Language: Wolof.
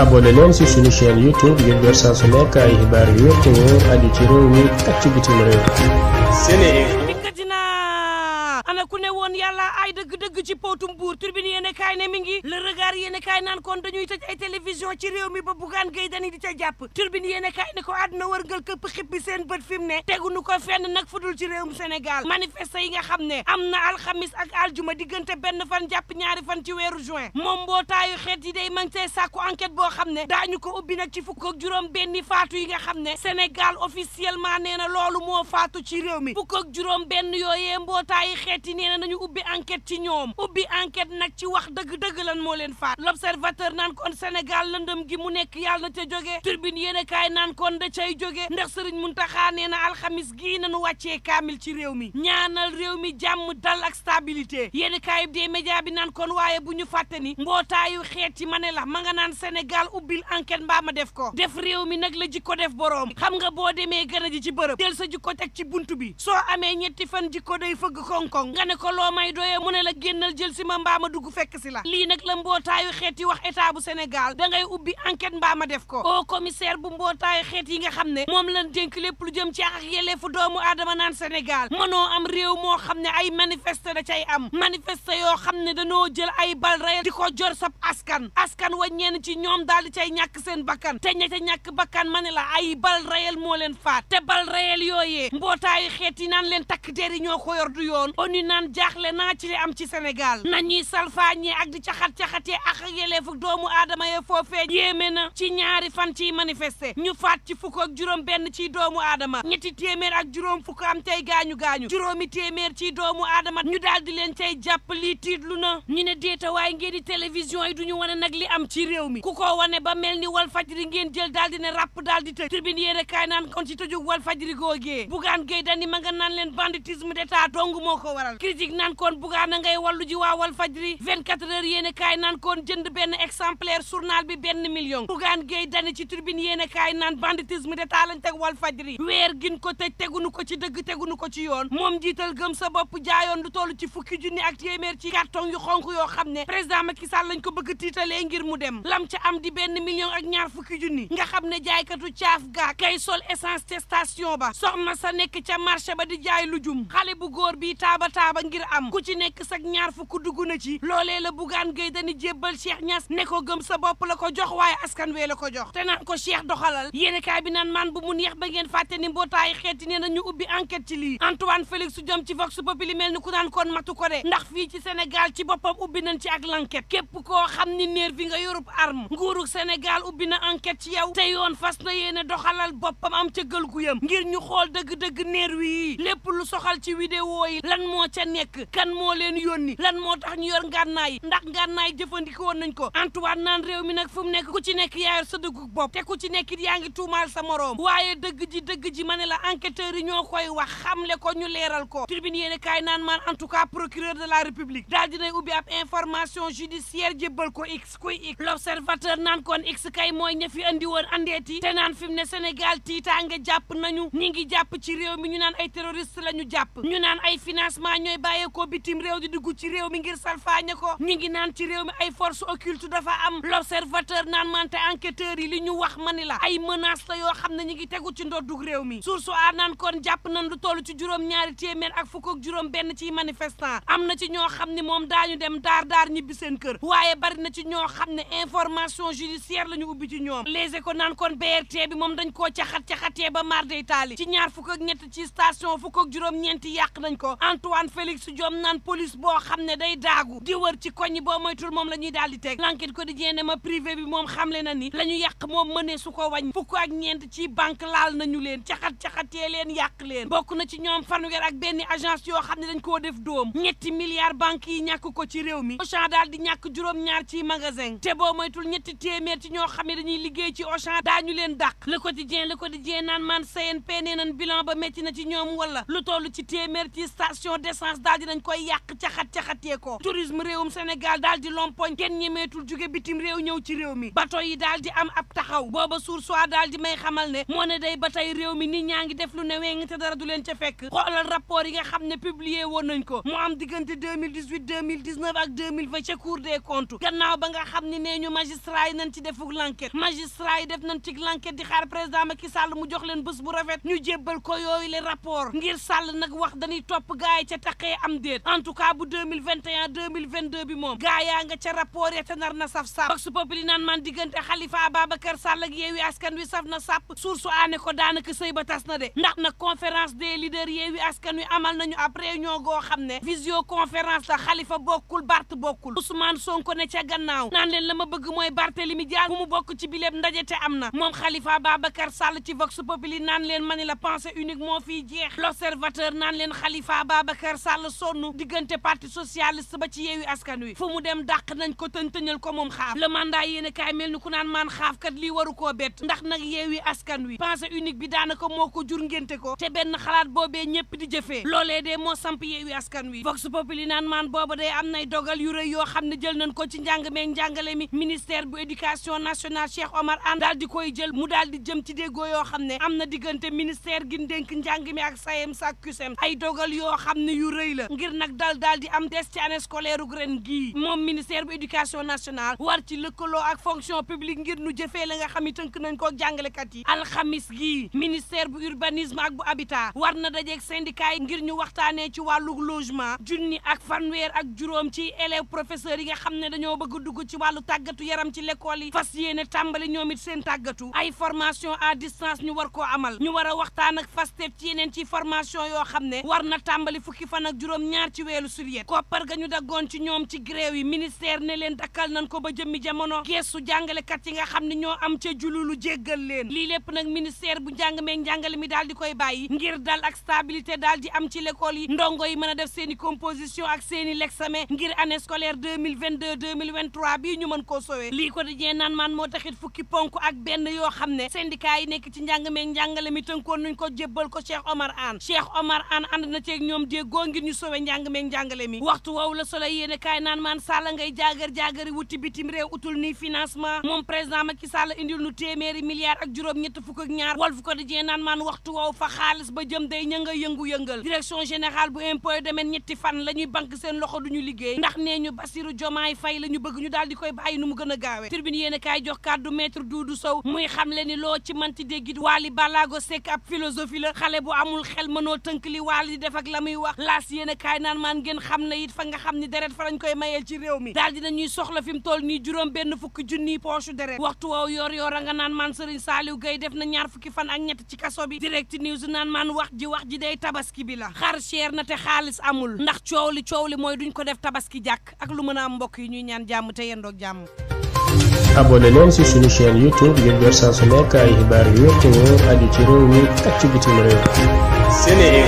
abonné leen ci suñu chaîne YouTube ngir door su nekk ay xibaar yu wér te mi ak ci ku ne woon yàlla ay dëgg-dëgg ci pootum buur turbine yéene kaay ne mi ngi le regard yéene kaay naan kon dañuy tëj ay télévision ci réew mi ba bugaan gay dani di ca jàpp turbine yéene kaay ne ko àdduna wërngal këpp xippi seen bët fi mu ne tegunu ko fenn nag fudul ci réewum Sénégal manifeste yi nga xam ne am na alxamis ak aljuma diggante benn fan jàpp ñaari fan ci weeru juin moom mbootaayu xeet yi day mang see sàkku enquête boo xam ne daañu ko ubbi nag ci fukk ak juróom benn faatu yi nga xam ne Sénégal officiellement nee na loolu moo faatu ci réew mi fukk ak juróom benn yooyee nee na nañu ubbi enquête ci ñoom ubbi enquête nag ci wax dëgg-dëgg lan moo leen faat l'observateur naan kon Sénégal lëndëm gi mu nekk yàlla na ca jógee turbine yéen kaay naan kon da cay jógee ndax sëriñ Muntaxa nee na alxamis gii nañu wàccee kaamil ci réew mi ñaanal réew mi jàmm dal ak stabilité yéen kaay des bi naan koon waaye bu ñu fàtte mbootaayu xeet yi ma ne la ma nga naan Sénégal ubbil enquête mbaa ma def ko def réew mi nag la jikko def boroom xam nga boo demee gën a ci bërëb del sa jikko teg ci buntu bi ne ko loo may doyee mu ne la génnal jël si ma mbaa ma dugg fekk si la lii nag la mbootaayu xeet yi wax état bu senegal da ngay ubbi enquête mbaa ma def ko au commissaire bu mbootaayu xeet yi nga xam ne moom lañ dénk lépp lu jëm ci ak yelleefu doomu aadama naan senegal mënoo am réew moo xam ne ay manifeste da cay am manifeste yoo xam ne dañoo jël ay bal rey di ko jor sab askan askan wa ñenn ci ñoom daal di cay ñàkk seen bakkan te ña ca ñàkk bakkan ma ne la ay bal reyel moo leen faat te bal xeet yi naan leen takk der yi ñoo naan jaaxle naa ci li am ci Sénégal nañuy salfaañee ak di caxat-caxatee ak yeleefu doomu aadama ya foofee yéeme na ci ñaari fan ciy manifester ñu faat ci fukk ak juróom benn ciy doomu aadama ñetti téeméer ak juróom fukk am cay gaañu-gaañu juróomi téeméer ciy doomu aadama ñu daal di leen tey jàpp lii lu na ñu ne déeta waaye ngeen di télévision yi du ñu wane nag li am ci réew mi ku ko wane ba mel ni wal fajri ngeen jël daal di ne ràpp daal di tëj tribune ci tëjug wal fajri googee bugaan géy dani ma nga leen banditisme d'état dong moo ko critique naan koon bugaana ngay wàllu ji waa Walfadjri 24 heures yéene kaay naan koon jënd benn exemplaire journal bi benn million bugaan géey dane ci tribune yéene kaay naan banditisme d'état lañ teg Walfadjri weer gin ko tëj tegunu ko ci dëgg tegunu ko ci yoon moom jiital gëm sa bopp jaayoon lu toll ci fukki junni ak téeméer ci carton yu xonk yoo xam ne président Macky Sall lañ ko bëgg tiitalee ngir mu dem lam ca am di benn million ak ñaar fukki junni nga xam ne jaaykatu caaf gaa kay sol essence te station ba soxna sa nekk ca marché ba di jaay lu jum ba ngir am ku ci nekk sag ñaar fukk dugg na ci loolee la Bougane Gueye Dany jébbal Cheikh ñas ne ko gëm sa bopp la ko jox waaye askan wee la ko jox te naan ko Cheikh doxalal yéeni kaay bi naan maan bu mu neex ba ngeen fàtte ni mbootaayi xeeti nee nañu ubbi enquet ci lii Antoine Félix su jëm ci Vox li mel ni ku naan kon matu ko de ndax fii ci Sénégal ci boppam ubbi nañ ci ak l'enquête képp koo xam ni néer bi nga yorub arme nguurug Sénégal ubbi na enquête ci yow te yoon fas na yéene doxalal boppam am ca gël gu ngir ñu xool dëgg-dëgg néer wi lépp lu soxal ci vidéo ca nekk kan moo leen yónni lan moo tax ñu yor ngànnaay ndax ngànnaay jëfandikoo woon nañ ko Antoine naan réew mi nag fu mu nekk ku ci nekk yaa sa dëggu bopp te ku ci nekk it yaa ngi tuumaal sa moroom waaye dëgg ji dëgg ji ma ne la enquêteurs yi ñoo koy wax xamle ko ñu leeral ko tribune yéen kaay naan maan en tout cas procureur de la république daal dinay ubbi ab information judiciaire jébbal ko x kuy x l'observateur naan kon x kay mooy ña fi andi woon andeeti te naan fi mu ne Sénégal tiitaange jàpp nañu ñi mi ñu naan ay terroriste la naan ay financement ñooy bàyyeekoo bitim réew di duggu ci réew mi ngir salfaañe ko ñu ngi naan ci réew mi ay force occulte dafa am l'observateur naan mante enquêteurs yi li ñu wax ma ni la ay menace la yoo xam ne ñu ngi tegu ci ndoddug réew mi source a naan kon jàpp nan lu toll ci juróom ñaari téeméer ak fukk ak juróom benn ci manifestant am na ci ñoo xam ne moom daañu dem daar daar ñibbi seen kër waaye bari na ci ñoo xam ne information judiciaire la ñu ubbi ci ñoom Les Échos naan kon BRT bi moom dañ koo caxat-caxatee ba mar day ci ñaar fukk ak ñett ci station fukk ak juróom yàq nañ ko Antoine Félix Diome naan police boo xam ne day daagu di wër ci koñ boo moytul moom la ñuy daal di teg l'enquête quotidien ne ma privé bi moom xamle na ni la ñu yàq moom mënee su ko wañ fukk ak ñeent ci banque laal nañu leen caxat-caxatee leen yàq leen bokk na ci ñoom fanweer ak benn agence yoo xam ne dañ koo def dóom ñetti milliards banques yi ñàkk ko ci réew mi Auchan daal di ñàkk juróom-ñaar ci magasin te boo moytul ñetti téeméer ci ñoo xam ne dañuy liggéey ci Auchan daañu leen dàq le quotidien le quotidien naan man CNP nee nan bilan ba métti na ci ñoom wala lu toll ci téeméer ci station d'essence dépense daal di nañ koy yàq caxat-caxatee ko tourisme réew Sénégal daal di lompoñ kenn ñemeetul jóge bitim réew ñëw ci réew mi bato yi daal di am ab taxaw booba suur soit daal di may xamal ne moo ne day ba tey réew mi nit ñaa ngi def lu ne weng te dara du leen ca fekk xoolal rapport yi nga xam ne publier woon nañ ko mu am diggante 2018 2019 ak 2020 ca cour des comptes gannaaw ba nga xam ne nee ñu magistrat yi nañ ci defuk l'enquête magistrat yi def nañ ci l'enquête di xaar président Macky Sall mu jox leen bés bu rafet ñu jébbal ko yooyu le rapport ngir Sall nag wax dañuy topp gaay ca tax dàqee am déet en tout cas bu 2021 2022 bi moom gaa yaa nga ca rapport ya te nar na saf sàpp su pëpli naan man diggante Khalifa Ababacar Sall ak Yewwi Askan Wi saf na sàpp source aane ko daanaka sëy ba tas na de ndax nag conférence des leaders Yewwi Askan Wi amal nañu ab réunion goo xam ne visioconférence la Khalifa bokkul Bart bokkul Ousmane Sonko ne ca gannaaw naan leen la ma bëgg mooy li Dias bu mu bokk ci biléeb ndaje te am na moom Khalifa Ababacar Sall ci Vox Populi naan leen mani la pensée unique moo fiy jeex l'observateur naan leen Khalifa Ababacar Sall sonn diggante parti socialiste ba ci yeewi askan wi fu mu dem dàq nañ ko tëntëñal ko moom xaaf le mandat yéene kaay mel ni ku naan maan xaaf kat waru koo bett ndax nag yeewi askan wi pensée unique bi daanaka moo ko jur ngénte ko te benn xalaat boobee ñëpp di jëfee loolee de moo samp yeewi askan wi vox populi naan maan booba day am nay dogal yu rëy yoo xam ne jël nañ ko ci njàng meeg njàngale mi ministère bu éducation nationale Cheikh Omar Anne daal di koy jël mu daal di jëm ci déggoo yoo xam ne am na diggante ministère gi dénk njàng mi ak sayem sa kusem ay dogal yoo lu rëy la ngir nag dal daal di am des ci année scolaire gu ren gii moom ministère bu éducation nationale war ci lëkkaloo ak fonction publique ngir nu jëfee la nga xam ni tënk nañ koo jàngalekat yi alxamis gii ministère bu urbanisme ak bu habitat war na dajeeg syndicat yi ngir ñu waxtaanee ci wàllu logement junni ak fanweer ak juróom ci élèves professeurs yi nga xam ne dañoo bëgg dugg ci wàllu tàggatu yaram ci lekkool yi fas yéene tàmbali ñoom it seen tàggatu ay formation à distance ñu war koo amal ñu war a waxtaan ak FASTEF ci yoo xam fan ak juróom ñaar ci weelu sulet koppar ga ñu daggoon ci ñoom ci grève yi ministère ne leen dakkal nañ ko ba jëmmi jamono geestu jàngalekat yi nga xam ne ñoo am ca jululu jéggal leen lii lépp nag ministère bu njàng meeg njàngale mi daal di koy bàyyi ngir dal ak stabilité daal di am ci l'école yi ndongo yi mën a def seen i composition ak seen i l'examen ngir année scolaire 2022 2023 bii ñu mën koo sowee lii ko dajee naan maan moo taxit fukki ponk ak benn yoo xam ne syndicat yi nekk ci njàng meeg njàngale mi tënkoon nuñ ko ko Cheikh Omar Anne Cheikh Omar Anne ànd ngir ñu sowe njàng meeg njàngale mi waxtu woowu la solo yéene naan maan sàlla ngay jaagar-jaagari wuti bitim réew utul nii financement moom président Macky Sall indil nu téeméeri milliards ak juróom ñett fukk ak ñaar Walf Quotidien naan maan waxtu woowu fa xaalis ba jëm day ña nga yëngu-yëngal direction générale bu impôt domaine ñetti fan la bank seen loxo duñu liggéey ndax nee ñu Bassirou Diomaye Faye la bëgg ñu daal di koy bàyyi nu mu gën a gaawee tribune yéene kaay jox kàddu maître Doudou Sow muy xam le ni loo ci manti déggit Wally Ballago Seck ab philosophie la xale bu amul xel mënoo tënk li Wally di la muy wax laas yéen a kaay naan maan ngeen xam ne it fa nga xam ni deret fa lañ koy mayee ci réew mi daal dina ñuy soxla fi mu toll nii juróom benn fukki junniy poche deret waxtu woow yoor yoor a nga naan maan Serigne Saliou gay def na ñaar fukki fan ak ñett ci kaso bi direct news naan maan wax ji wax ji day tabaski bi la xar cher na te xaalis amul ndax coow li coow li mooy duñ ko def tabaski jàkk ak lu mën a am mbokk yi ñuy ñaan jàmm te yendoog jàmm abonné leen ci suñu chaîne YouTube yu wér te wóor aju ci